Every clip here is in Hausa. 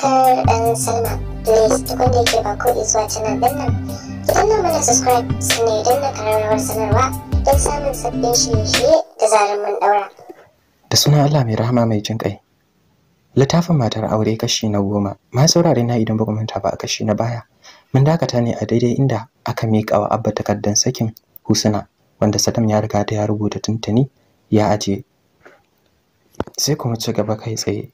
subscribe and sign up. Please tukun da yake ba ko zuwa canal din nan. Ki danna mana subscribe sannan idan na kararrawar sanarwa don samun sabbin shirye-shirye da zarar mun daura. Da sunan Allah mai rahama mai jin kai. Littafin matar aure kashi na goma. Ma saurare na idan ba ku manta ba a kashi na baya. Mun dakata ne a daidai inda aka miƙa wa Abba takardan sakin husuna, wanda Saddam ya riga ta ya rubuta tuntuni ya aje. Sai kuma ci gaba kai tsaye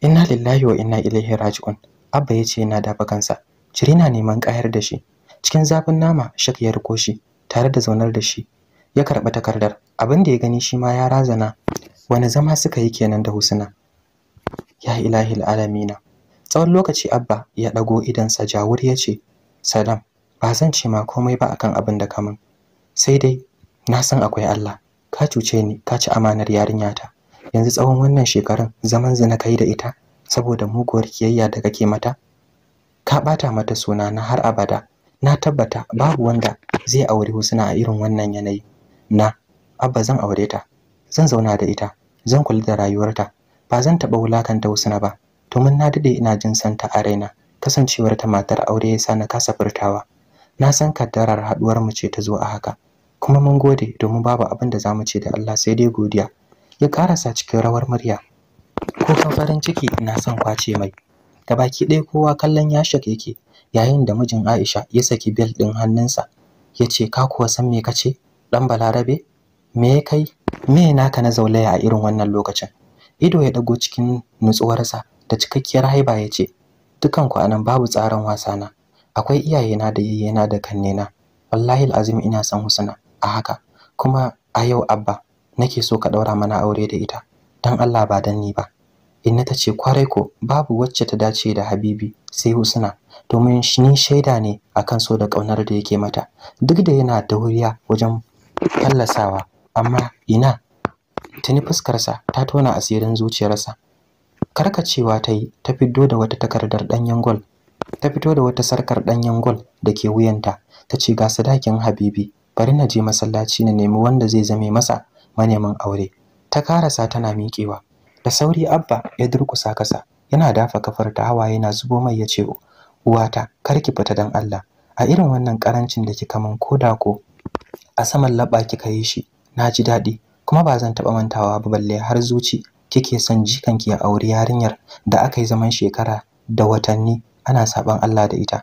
inna lillahi wa inna ilaihi raji'un abba yace yana dafa kansa ciri na neman kayar da shi cikin zafin nama shak ya riko shi tare da zaunar da shi ya karɓi takardar abin da ya gani shi ma ya razana wani zama suka yi kenan da husna ya ilahi alamina tsawon lokaci abba ya ɗago sa jawur ya ce salam ba zan ce ma komai ba akan abin da kamun sai dai na san akwai allah ka cuce ni ka ci amanar yarinyata yanzu tsawon wannan shekarun zaman zina kai da ita saboda muguwar kiyayya da kake mata ka bata mata suna na har abada na tabbata babu wanda zai aure Husna a irin wannan yanayi na abba zan aure ta zan zauna da ita zan kula da rayuwarta ba zan taɓa wulakanta Husna ba to mun na dade ina jin santa a raina kasancewar ta matar aure yasa na kasa furtawa na san kaddarar haduwar mu ce ta zo a haka kuma mun gode domin babu abin da mu ce da Allah sai dai godiya ya karasa cikin rawar murya kukan farin ciki na son kwace mai da baki ɗaya kowa kallon ya shak yake yayin da mijin Aisha ya saki bel ɗin hannunsa ya ce ka kuwa san me kace dan balarabe me kai me naka na zaulaya a irin wannan lokacin ido ya dago cikin nutsuwarsa da cikakkiyar haiba ya ce dukanku anan babu tsarin wasana akwai iyayena da yayyena da kannena wallahi alazim ina son husna a haka kuma a yau abba nake so ka daura mana aure da ita dan Allah ba dan ni ba inna tace kwarai ko babu wacce ta dace da habibi sai husna domin ni shaida ne akan so da kaunar da yake mata duk da yana da wuriya wajen fallasawa amma ina tuni fuskarsa ta tona asirin zuciyarsa karkacewa ta yi ta fito da wata takardar danyen gol ta fito da wata sarkar danyen gol da ke wuyanta ta ce ga sadakin habibi bari na je masallaci na nemi wanda zai zame masa manemin aure ta karasa tana miƙewa da sauri abba ya durkusa kasa yana dafa kafar ta hawaye yana zubo mai yace uwata kar ki fita dan Allah a irin wannan karancin da kika min koda ko a saman laba kika yi shi na ji daɗi kuma ba zan taɓa mantawa ba balle har zuci kike son jikanki ya auri yarinyar da aka yi zaman shekara da watanni ana saban Allah da ita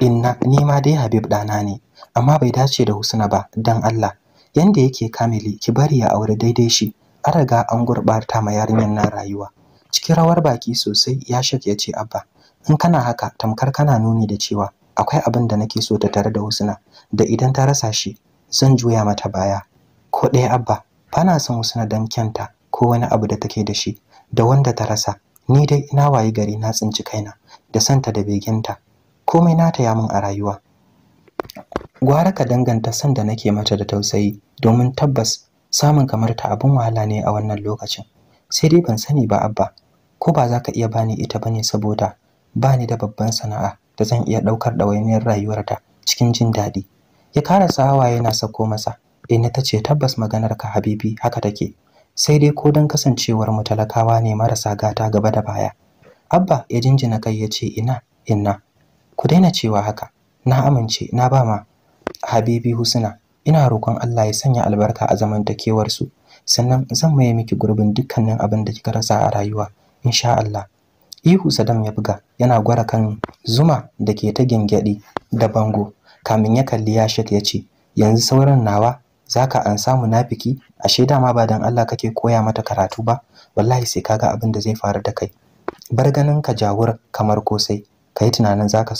inna ni ma dai Habib ɗana ne amma bai dace da Husna ba dan Allah yanda yake kamili ki bari ya aure daidai shi an raga an gurɓata ma yarinyar na rayuwa cikin rawar baki sosai ya shak ya ce abba in kana haka tamkar kana nuni da cewa akwai abin da nake so ta tare da husna da idan ta rasa shi zan juya mata baya ko ɗaya abba bana son husna don kyanta ko wani abu da take da shi da wanda ta rasa ni dai ina wayi gari na tsinci kaina da santa da beginta komai na taya min a rayuwa gwara ka danganta san da nake mata da tausayi domin tabbas samun kamar ta abin wahala ne a wannan lokacin sai dai ban sani ba abba ko ba za ka iya bani ita bane saboda bani da babban sana'a da zan iya daukar ɗawainiyar rayuwarta cikin jin daɗi ya karasa hawa yana sako masa eh, ta ce tabbas maganar ka habibi haka take sai dai ko don kasancewar mu talakawa ne marasa gata gaba da baya abba ya jinjina kai ya ce ina inna ku daina cewa haka na amince na ba ma habibi husna ina roƙon Allah ya sanya albarka a zamantakewar su sannan zan maye miki gurbin dukkanin abin da kika rasa a rayuwa insha Allah ihu sadam ya buga yana gwara kan zuma da ke ta gengedi da bango kamin ya kalli ya yashik ya ce yanzu sauran nawa zaka an samu nafiki ashe dama ba dan Allah kake koya mata karatu ba wallahi sai kaga abin da zai faru da kai bar ganin ka jawur kamar kosai kai tunanin zaka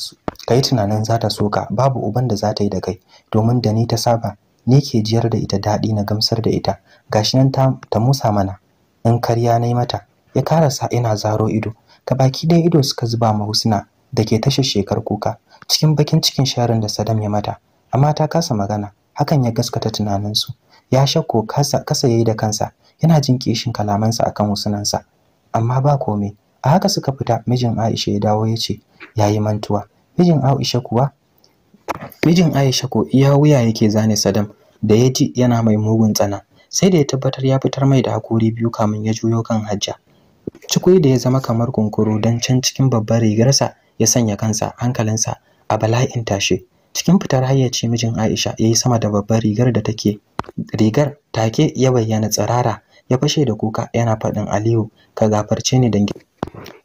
kai tunanin za ta soka babu uban da za ta yi da kai domin da ni ta saba ni ke jiyar da ita daɗi na gamsar da ita gashi nan ta, ta musa mana in karya na yi mata ya karasa ina zaro ido ka baki ɗaya ido suka zuba ma husna da ke tashar shekar kuka cikin bakin cikin sharin da sadam ya mata amma ta kasa magana hakan ya gaskata tunaninsu ya shakko kasa kasa yayi da kansa yana jin kishin kalamansa akan husunansa amma ba komai a haka suka fita mijin Aisha ya dawo ya ce yayi mantuwa mijin Aisha kuwa mijin Aisha ko iya wuya yake zane Sadam da ya ji yana mai mugun tsana sai da ya tabbatar ya fitar mai da hakori biyu kamin ya juyo kan Hajja cikoi da ya zama kamar kunkuru dan can cikin babbar rigarsa ya sanya kansa hankalinsa a bala'in tashe cikin fitar hayyaci mijin Aisha yayi sama da babbar rigar da take rigar take ya bayyana tsirara ya fashe da kuka yana faɗin Aliyu ka gafarce ni dangi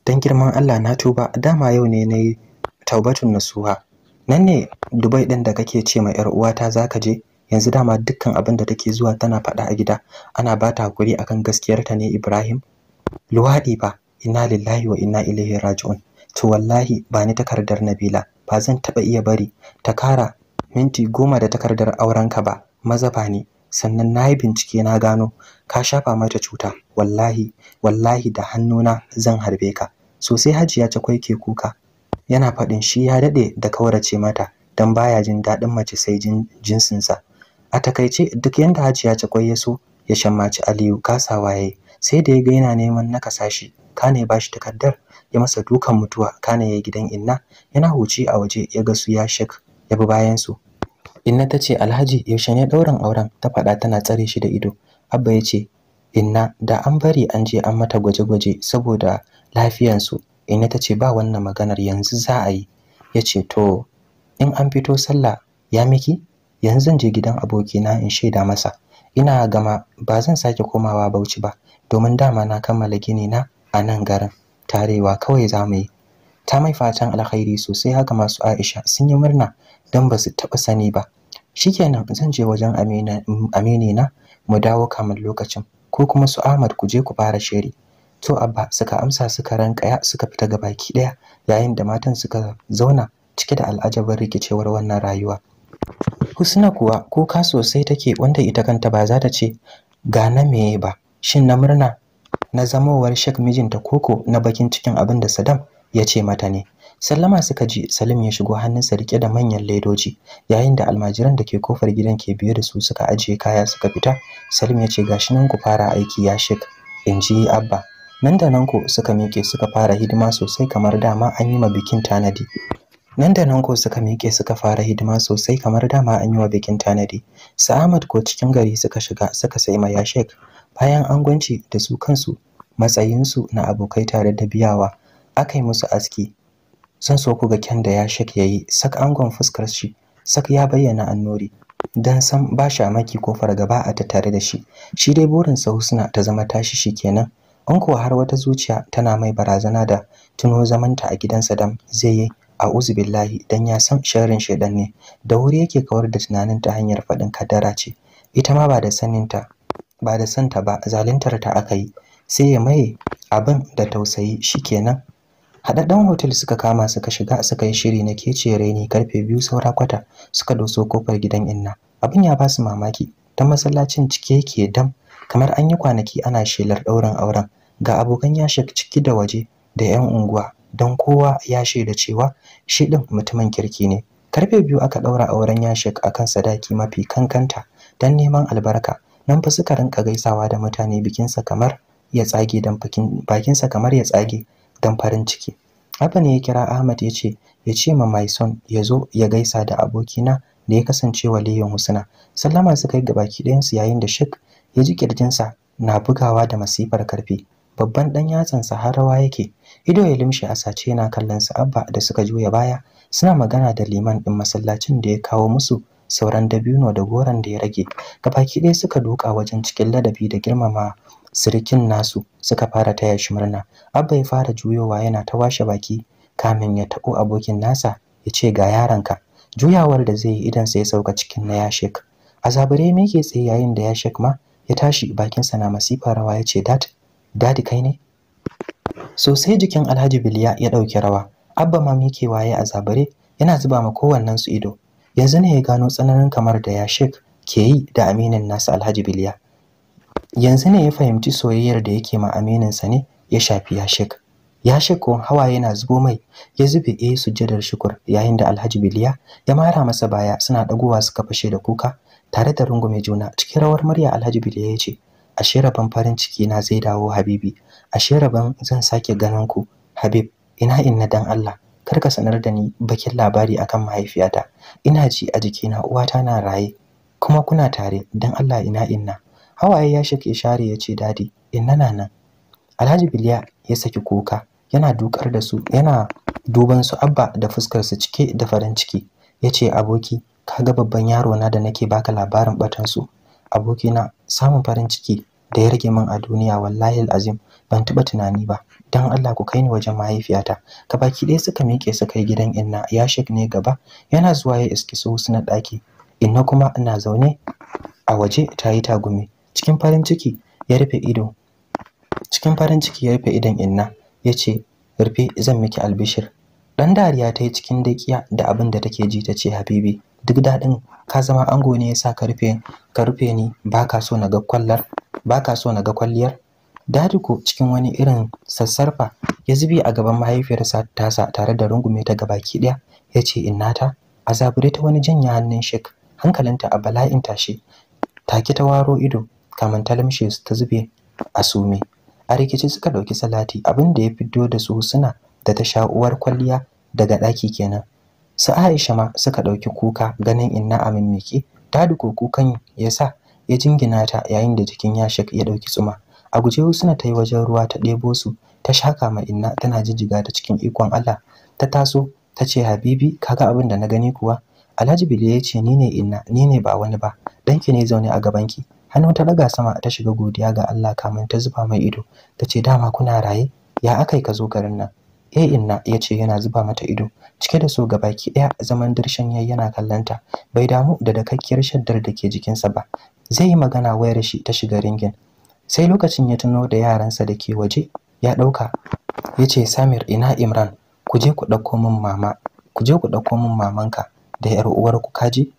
dan girman Allah na tuba dama yau ne nayi taubatun nasuha nan ne Dubai din da kake ce ma yar uwata zaka je yanzu dama dukkan abin da take zuwa tana faɗa a gida ana bata ta hakuri akan gaskiyarta ne Ibrahim luwadi ba inna lillahi wa inna ilaihi raji'un to wallahi ba ni takardar Nabila ba zan taba iya bari ta kara minti goma da takardar aurenka ba maza ba ni sannan na yi bincike na gano ka shafa mata cuta wallahi wallahi da hannuna zan harbe ka sosai hajiya ta ke kuka yana faɗin shi ya daɗe da kaurace mata don baya jin daɗin mace sai jinsinsa a takaice duk yanda hajiya ta ya so ya shammaci aliyu kasa waye. sai da ya ga yana neman na shi kane ba bashi takardar ya masa dukan mutuwa kane ya gidan inna yana huci a waje ya ga su ya shek ya bi bayan su Inna ta ce Alhaji yaushe ne ɗaurin auren ta faɗa tana tsare shi da ido. Abba ya ce Inna da an bari an je an mata gwaje-gwaje saboda su, Inna ta ce ba wannan maganar yanzu za a yi. Ya ce to in an fito sallah ya miki yanzu zan je gidan abokina in shaida masa. Ina gama ba zan sake komawa Bauchi ba domin dama na kammala gini na a nan garin. Tarewa kawai za mu yi. Ta mai fatan alkhairi sosai haka masu Aisha sun yi murna don ba su taɓa sani ba shi shikenan zan je wajen amini na mu dawo kamar lokacin ko kuma su ahmad ku je ku fara shiri to abba suka amsa suka rankaya suka fita ga baki daya yayin da matan suka zauna cike da al'ajabar rikicewar wannan rayuwa husna kuwa kuka sosai take wanda ita kanta ba za ta ce ga na meye ba shin na murna na zamowar shek mijinta koko na bakin cikin abin da sadam ya ce mata ne sallama suka ji salim ya shigo hannunsa rike da manyan ledoji yayin da almajiran da ke kofar gidan ke biye da su suka ajiye kaya suka fita salim ya ce gashi nan ku fara aiki ya shek in ji abba nan da nan ko suka miƙe suka fara hidima sosai kamar dama an yi ma bikin tanadi nan da nan ko suka miƙe suka fara hidima sosai kamar dama an yi wa bikin tanadi Sa'amad ko cikin gari suka shiga suka sai ma ya shek bayan gwanci da su kansu matsayinsu na abokai tare da biyawa aka yi musu aski san so ku ga kyan da ya shak yayi sak angon fuskar shi sak ya bayyana annori dan san ba shi shamaki ko fargaba a ta tare da shi shi dai burin sa husna ta zama tashi shi kenan. an ko har wata zuciya tana mai barazana da tuno zamanta a gidan Saddam zai yi a uzubillahi dan ya san sharrin shedan ne da wuri yake kawar da tunanin ta hanyar faɗin kadara ce ita ma ba da saninta ba da santa ba zaluntar ta aka yi sai ya maye abin da tausayi shikenan haɗaɗɗen hotel suka kama suka shiga suka yi shiri na kece raini karfe biyu saura kwata suka doso kofar gidan inna abin ya ba su mamaki don masallacin cike yake dam kamar an yi kwanaki ana shelar ɗaurin auren ga abokan yashi ciki da waje da 'yan unguwa don kowa ya shaida cewa shi ɗin mutumin kirki ne karfe biyu aka ɗaura auren yashik akan sadaki mafi kankanta don neman albarka nan fa suka rinka gaisawa da mutane bikinsa kamar ya tsage don bakinsa kamar ya tsage don farin ciki Haka ne ya kira Ahmad ya ce ya ce ma mai son ya zo ya gaisa da abokina da ya kasance waliyin Husna. Sallama suka yi gabaki ɗayansu yayin da Sheikh ya ji kirjinsa na bugawa da masifar karfi. Babban ɗan yatsansa har rawa yake. Ido ya limshe a sace yana kallon su Abba da suka juya baya suna magana da liman ɗin masallacin da ya kawo musu sauran dabino da goron da ya rage. Gabaki ɗaya suka duka wajen cikin ladabi da girmama sirikin nasu suka fara taya shi murna abba ya fara juyowa yana ta washe baki kamin ya taɓo abokin nasa ya ce ga yaranka juyawar da zai yi idan sai sauka cikin na yashek a zabare me ke tsaye yayin da yashek ma ya tashi bakinsa na masifa rawa ya ce dat dadi kai ne sosai jikin alhaji biliya ya ɗauki rawa abba ma mike waye a zabare yana zuba ma kowannen su ido yanzu ne ya gano tsananin kamar da yashek ke yi da aminin nasa alhaji biliya yanzu ne ya fahimci soyayyar da yake ma sa ne ya shafi yashik yashik ko hawa yana zubo mai ya zube eh sujjadar shukur yayin da alhaji biliya ya mara masa baya suna dagowa suka fashe da kuka tare da rungume juna cikin rawar murya alhaji biliya ya ce ashe rabon farin ciki na zai dawo habibi ashe rabon zan sake ganin ku habib ina inna dan allah kar ka sanar da ni bakin labari akan mahaifiyata ina ji a jikina uwata na raye kuma kuna tare dan allah ina inna hawaye ya shake share ya ce dadi inna na nan alhaji biliya ya saki kuka yana dukar da su yana duban su abba da fuskar su cike da farin ciki ya ce aboki ga babban yaro na da nake baka labarin batan su aboki na samun farin ciki da ya rage min a duniya wallahi azim ban taba tunani ba dan Allah ku kai ni wajen mahaifiyata ka baki ɗaya suka miƙe su kai gidan inna ya shek ne gaba yana zuwa ya iski su na ɗaki inna kuma ina zaune a waje ta yi tagumi cikin farin ciki ya rufe ido cikin farin ciki ya rufe idon inna ya ce rufe zan miki albishir dan dariya ta yi cikin dakiya da abin da take ji ta ce habibi duk daɗin ka zama ango ne yasa ka rufe ka rufe ni baka so na ga kwallar baka so na ga kwalliyar dadiko cikin wani irin sassarfa ya zubi a gaban mahaifiyarsa tasa tare da rungume ta gabaki ɗaya ya ce innata a zabure ta wani janya hannun shek hankalinta a bala'in tashi take ta waro ido kamin ta su ta zube a sume a rikici suka ɗauki salati abin da ya fito da su suna da ta sha uwar kwalliya daga ɗaki kenan su aisha ma suka ɗauki kuka ganin inna a miki ta duko kukan yasa ya jingina ta yayin da jikin yashik ya ɗauki tsuma a guje husna ta yi wajen ruwa ta ɗebo su ta shaka ma inna tana jijjiga ta cikin ikon allah ta taso ta ce habibi kaga abin da na gani kuwa alhaji bile ya ce ni ne inna ni ne ba wani ba ɗanki ne zaune a gabanki hannu ta daga sama ta shiga godiya ga Allah kamin ta zuba mai ido ta ce dama kuna raye ya akai ka zo garin nan eh inna ya ce yana zuba mata ido cike da so baki ɗaya zaman dirshan yayi yana kallanta bai damu da dakakkiyar shaddar da ke jikinsa ba zai yi magana wayar shi ta shiga ringin sai lokacin ya tuno da yaransa da ke waje ya ɗauka ya ce samir ina imran ku je ku dauko min mama ku ku ɗauko min mamanka da yar uwarku kaji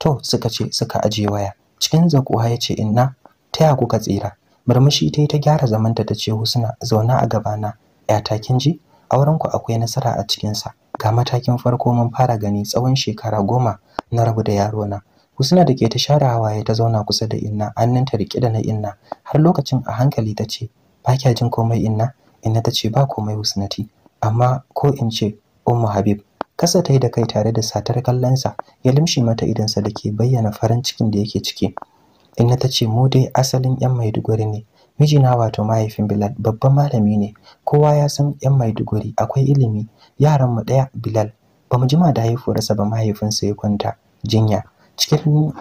to suka ce suka aje waya cikin zakuwa ya ce inna taya kuka tsira murmushi ta yi ta gyara zamanta ta ce husna zauna a gabana yata kin ji aurenku akwai nasara a cikinsa ga matakin farko mun fara gani tsawon shekara goma na rabu da yarona husna da ke ta share hawaye ta zauna kusa da inna ta riƙe da na inna har lokacin a hankali ta ce ba kya jin komai inna inna ta ce ba komai husnati amma ko in ce ummu habib kasa ta yi da kai tare da satar kallonsa ya limshi mata idansa da ke bayyana farin cikin da yake ciki inna ta ce mu dai asalin yan maiduguri ne mijina wato mahaifin bilal babban malami ne kowa ya san yan maiduguri akwai ilimi yaran mu daya bilal bamu jima da haifuwarsa ba mahaifinsa ya kwanta jinya cikin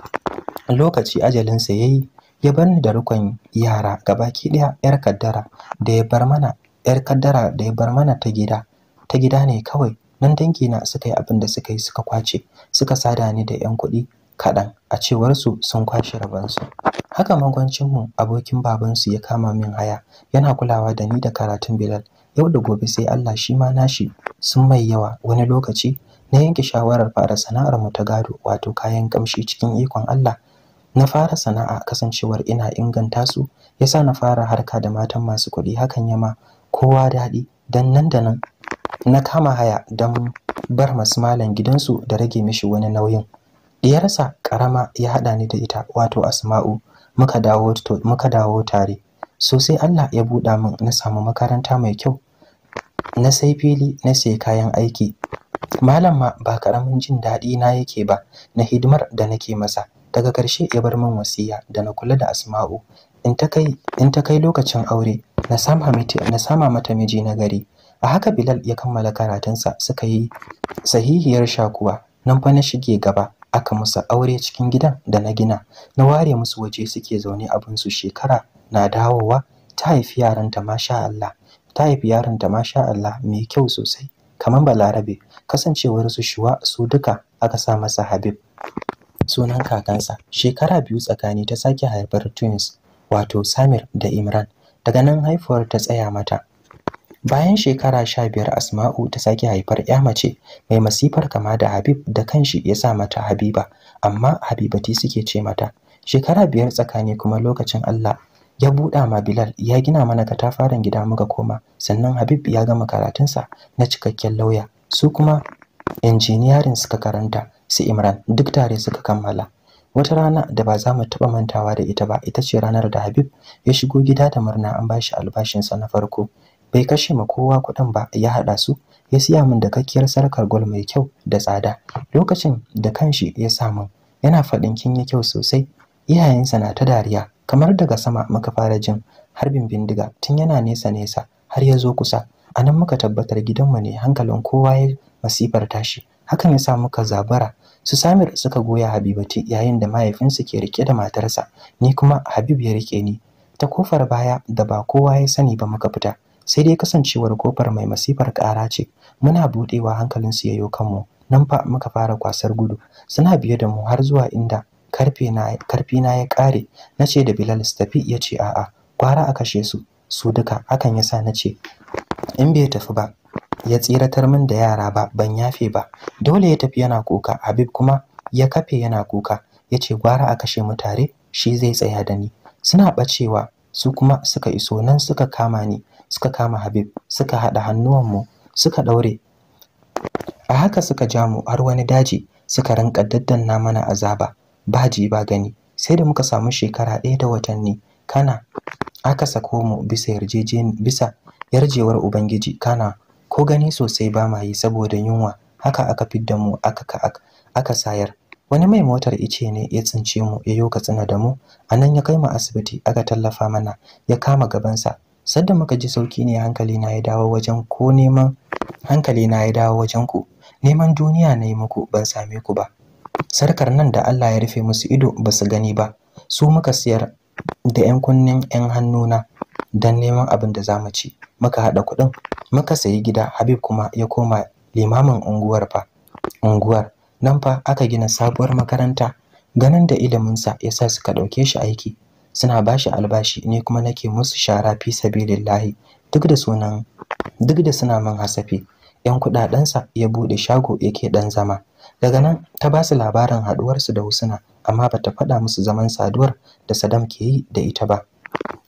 lokaci ajalinsa ya yi ya bar ni da rukun yara gabaki daya yar kaddara da ya bar mana yar kaddara da ya bar mana ta gida ta gida ne kawai nan dangina suka yi abin da suka yi suka kwace suka sada ni da 'yan kuɗi kaɗan a cewar su sun kwashe rabansu haka magwancin mu abokin babansu ya kama min haya yana kulawa da ni da karatun bilal yau da gobe sai Allah shi ma nashi sun mai yawa wani lokaci na yanke shawarar fara sana'ar mu ta gado wato kayan kamshi cikin ikon Allah na fara sana'a kasancewar ina inganta su yasa na fara harka da matan masu kuɗi hakan yama, kowa daɗi dan nan da nan na kama haya don bar masu malam gidansu da rage mishi wani nauyin diyarsa karama ya hada ni da ita wato asma'u muka dawo muka dawo tare so sai Allah ya buɗa min na samu makaranta mai kyau na sai fili na sai kayan aiki malam ma ba karamin jin daɗi na yake ba na hidimar da nake masa daga ƙarshe ya bar min wasiya da na kula da asma'u in ta kai lokacin aure na sama mata miji na gari a haka Bilal ya kammala karatunsa suka yi sahihiyar shakuwa nan fa na shige gaba aka musu aure cikin gidan da na gina na ware musu waje suke zaune abin su shekara na dawowa ta haifi yaranta masha Allah ta haifi yaranta masha Allah mai kyau sosai kamar balarabe kasancewar su shuwa su duka aka sa masa Habib sunan kakansa shekara biyu tsakani ta sake haifar twins wato Samir da Imran daga nan haifuwar ta tsaya mata bayan shekara sha biyar asma'u ta sake haifar ya mace mai masifar kama da habib da kanshi ya sa mata habiba amma habibati suke ce mata shekara biyar tsakani kuma lokacin allah ya buɗa ma bilal ya gina mana katafaren gida muka koma sannan habib ya gama karatunsa na cikakken lauya su kuma injiniyarin suka karanta su imran duk tare suka kammala wata rana da ba za mu taɓa mantawa da ita ba ita ce ranar da habib ya shigo gida da murna an bashi albashinsa na farko bai kashe ma kowa kuɗin ba ya haɗa su ya siya min da kakkiyar sarkar gol mai kyau da tsada lokacin da kanshi ya sa min yana faɗin kin yi kyau sosai iyayensa na ta dariya kamar daga sama muka fara jin harbin bindiga tun yana nesa nesa har ya zo kusa a nan muka tabbatar gidanmu ne hankalin kowa ya masifar tashi hakan ya sa muka zabara su samir suka goya habibati yayin da mahaifinsu ke rike da matarsa ni kuma habib ya rike ni ta kofar baya da ba kowa ya sani ba muka fita sai dai kasancewar kofar mai masifar ƙara ce muna buɗewa hankalin su yayo kanmu nan fa muka fara kwasar gudu suna biye da mu har zuwa inda karfe na karfi na ya ƙare na ce da Bilal su tafi ya ce a'a kwara a kashe su su duka hakan yasa na ce in bai tafi ba ya tsiratar min da yara ba ban yafe ba dole ya tafi yana kuka Habib kuma ya kafe yana kuka ya ce gwara a kashe mu tare shi zai tsaya da ni suna ɓacewa su kuma suka iso nan suka kama ni suka kama Habib suka haɗa mu suka ɗaure a haka suka ja mu har wani daji suka rinka daddanna mana azaba baji ba gani sai da muka samu shekara ɗaya da watanni kana aka sako mu bisa bisa yarjewar ubangiji kana ko gani sosai ba ma yi saboda yunwa haka aka fidda mu aka ka aka sayar wani mai motar ice ne ya tsince mu ya yoka katsina da mu a nan ya kai mu asibiti aka tallafa mana ya kama gabansa sadda muka ji sauki ne hankali na ya dawo wajen ko neman hankali na ya dawo wajen ku neman duniya na yi muku ban same ku ba sarkar nan da Allah ya rufe musu ido ba su gani ba su muka siyar da yan kunnen yan hannuna don neman abin da zamu ci muka haɗa kuɗin muka sayi gida Habib kuma ya koma limamin unguwar fa unguwar nan fa aka gina sabuwar makaranta ganin da iliminsa ya sa suka ɗauke shi aiki suna bashi albashi ne kuma nake musu shara fi sabilillahi duk da sunan duk da suna min hasafi yan kuɗaɗensa ya bude shago yake dan zama daga nan ta ba su labarin haduwarsu da Husna amma bata faɗa musu zaman saduwar da Saddam ke yi da ita ba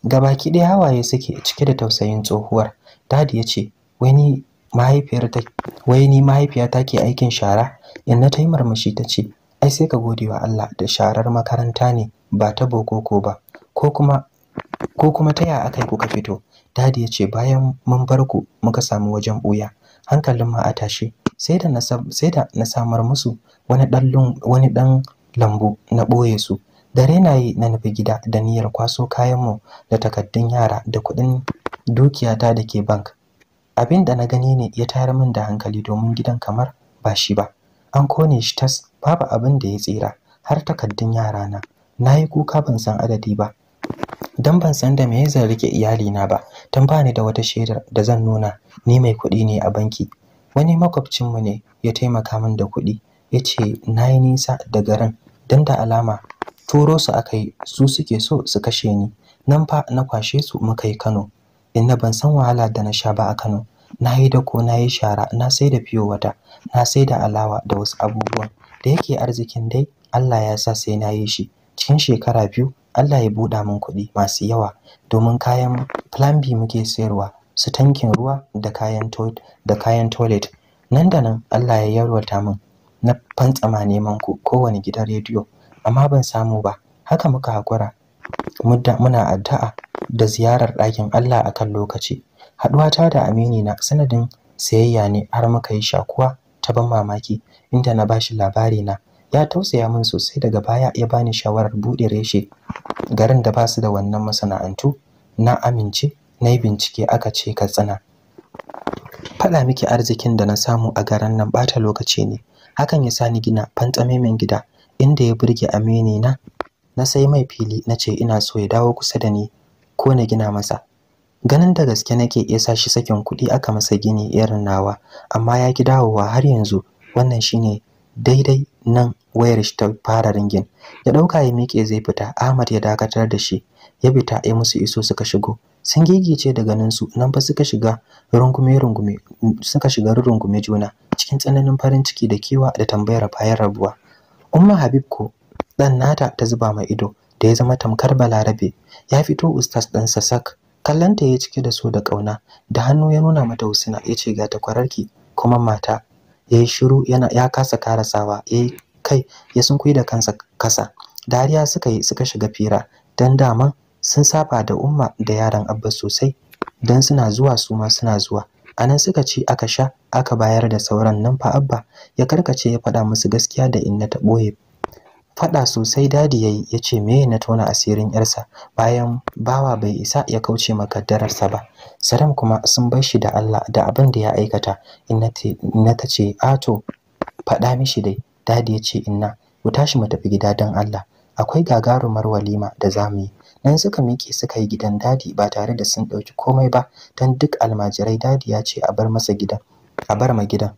gabaki ɗaya hawaye suke cike da tausayin tsohuwar dadi ya ce wani mahaifiyar ta wai ni mahaifiyata ke aikin shara inna ta yi murmushi ta ce ai sai ka gode wa Allah da sharar makaranta ne ba ta boko ko ba ko kuma ko ta ya aka yi kuka fito dadi ya ce bayan mun bar ku muka samu wajen buya hankalin ma a tashi sai da na samar musu wani dan lambu na boye su dare na yi na nufi gida da niyyar kwaso kayan mu da takaddun yara da kuɗin dukiyata da ke bank abin da na gani ne ya tayar min da hankali domin gidan kamar ba shi ba an kone shi tas babu abin da ya tsira har takaddun yara na na yi kuka ban san adadi ba dan ban san da me zan rike iyalina ba dan ba ni da wata shaidar da zan nuna ni mai kuɗi ne a banki wani makwabcin mu ne ya taimaka min da kuɗi ya ce na nisa da garin dan da alama turo su akai su suke so su kashe ni nan fa na kwashe su muka yi kano inna ban san wahala da na sha ba a kano na yi ko na yi shara na sai da fiyo wata na sai da alawa da wasu abubuwan da yake arzikin dai allah ya sa sai na yi shi cikin shekara biyu Allah ya buɗa min kuɗi masu yawa domin kayan plan B muke sayarwa su tankin ruwa da kayan da kayan toilet nan da nan Allah ya yarwata min na fantsama neman ku kowane gidan rediyo amma ban samu ba haka muka hakura muna addu'a da ziyarar ɗakin Allah akan lokaci haɗuwata da amini na sanadin sayayya ne har muka yi shakuwa ta ban mamaki inda na bashi labari na ya tausaya min sosai daga baya ya bani shawarar buɗe reshe garin da basu da wannan masana'antu na amince na yi bincike aka ce ka tsana faɗa miki arzikin da na samu a garin nan bata lokaci ne hakan ya sa ni gina fantsamemen gida inda ya burge amini na na sai mai fili na ce ina so ya dawo kusa da ni ko na gina masa ganin da gaske nake iya sa shi sakin kuɗi aka masa gini irin nawa amma ya ki dawowa har yanzu wannan shine daidai nan wayar shi ta fara ringin ya dauka ya miƙe zai fita Ahmad ya dakatar da shi ya fita ai musu iso suka shigo sun gigice daga nan su nan fa suka shiga rungume rungume suka shiga rungume juna cikin tsananin farin ciki da kewa da tambayar bayan rabuwa Umma Habib ko dan nata ta zuba mai ido da ya zama tamkar balarabe ya fito ustaz dan sasak kallanta ya cike da so da kauna da hannu ya nuna mata usina, ya ce ga takwararki kuma mata yayi shiru yana ya kasa karasawa yayi kai ya sunkuyi da kansa kasa dariya suka yi suka shiga fira dan dama sun saba da umma da yaran abba sosai dan suna zuwa su ma suna zuwa anan suka ci aka sha aka bayar da sauran nan fa abba ya karkace ya faɗa musu gaskiya da inna ta ɓoye faɗa sosai dadi yayi yace me na tona asirin yarsa bayan bawa bai isa ya kauce makaddararsa ba saram kuma sun bar shi da Allah da abin da ya aikata inna tace ce to faɗa mishi dai dadi yace inna ku tashi mu tafi gida dan Allah akwai gagarumar walima da zamu yi nan suka miƙe suka yi gidan dadi ba tare da sun ɗauki komai ba dan duk almajirai dadi yace a bar masa gidan a bar ma gidan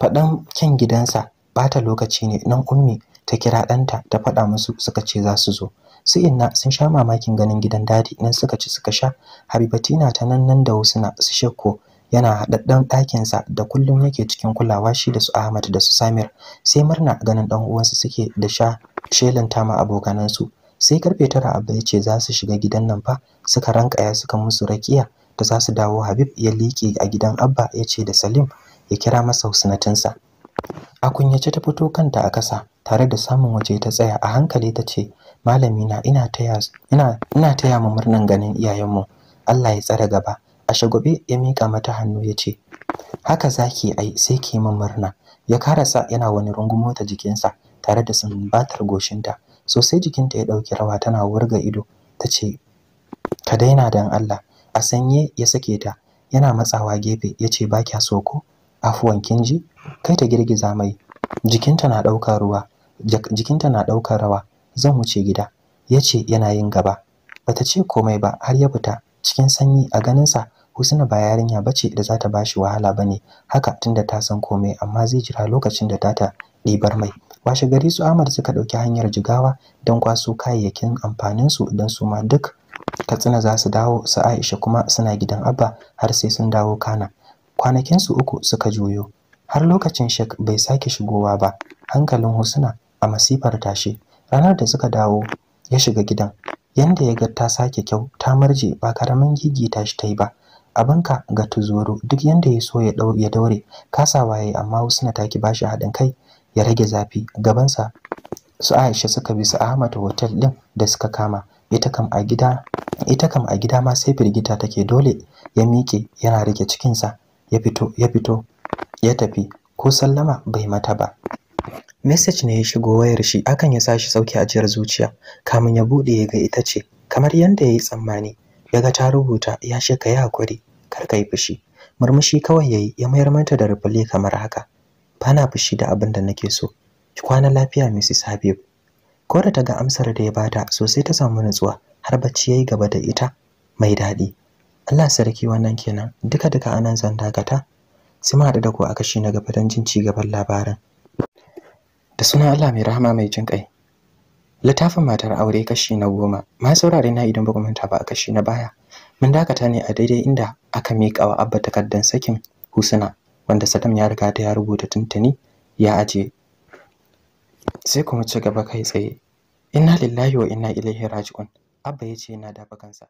faɗan kyan gidansa bata lokaci ne nan ummi ta kira ɗanta ta faɗa musu suka ce za su zo su inna sun sha mamakin ganin gidan dadi nan suka ci suka sha habibatina ta nan nan da husna su shekko yana haɗaɗɗen ɗakinsa da kullum yake cikin kulawa shi da su Ahmad da su Samir sai murna ganin ɗan uwansu suke da sha shelanta ma abokanansu sai karfe tara Abba ya ce za su shiga gidan nan fa suka rankaya suka musu rakiya da za su dawo Habib ya liƙe a gidan Abba ya ce da Salim ya kira masa husnatinsa a kunyace ta fito kanta a ƙasa, tare da samun waje ta tsaya a hankali ta ce malami na ina taya ina ina murnan ganin iyayenmu Allah ya tsare gaba a shagobe ya mika mata hannu ya ce haka zaki ai sai ki mun murna ya karasa yana wani rungumo ta jikinsa tare da sumbatar goshinta sosai jikinta ya ɗauki rawa tana wurga ido ta ce ka daina dan Allah a sanye ya sake ta yana matsawa gefe ya ce ba kya so ko afuwan kinji kai ta girgiza mai jikinta na ɗaukar ruwa jikinta na ɗaukar rawa zan wuce gida yace yana yin gaba bata ce komai ba har ya fita cikin sanyi a ganinsa husna ba yarinya bace da za ta bashi wahala bane haka tunda ta san komai amma zai jira lokacin da ta ɗibar mai washe gari su Ahmad suka ɗauki hanyar jigawa don kwaso kayayyakin amfaninsu don su ma duk Katsina za su dawo su Aisha kuma suna gidan Abba har sai sun dawo Kana kwanakinsu uku suka juyo har lokacin shek bai sake shigowa ba hankalin husna a masifar tashe, ranar da suka dawo ya shiga gidan yanda ya ga ta sake kyau ta marje ba karamin gigi ta shi ta yi ba abinka ga tuzuru duk yanda ya so ya daure kasawa yayi amma husna ta ki bashi haɗin kai ya rage zafi gabansa su Aisha suka bi su Ahmad hotel din da suka kama ita kam a gida ita kam a gida ma sai firgita take dole ya miƙe yana rike cikinsa ya fito ya fito ya tafi ko sallama bai mata ba message ne ya shigo wayar shi akan ya sashi sauki ajiyar zuciya kamun ya bude ya ga ita ce kamar yadda ya yi tsammani ya ga ta rubuta ya she ya hakuri kar kai fushi murmushi kawai yayi ya mayar mata da rubule kamar haka bana fushi da abin da nake so ki kwana lafiya Mrs Habib ko da ta ga amsar da ya bata sosai ta samu nutsuwa har bacci yayi gaba da ita mai daɗi Allah sarki wannan kenan duka duka anan zan dakata sai mu haɗu da ku a kashi na gaba don jin ci gaban labarin da sunan Allah mai rahama mai jin kai Litafin matar aure kashi na goma ma saurare na idan ba ku manta ba a kashi na baya mun dakata ne a daidai inda aka mika wa abba takardar sakin husna wanda sadam ya riga ta ya rubuta tuntuni ya aje sai kuma ci gaba kai tsaye inna lillahi wa inna ilaihi raji'un abba ya yace yana dafa kansa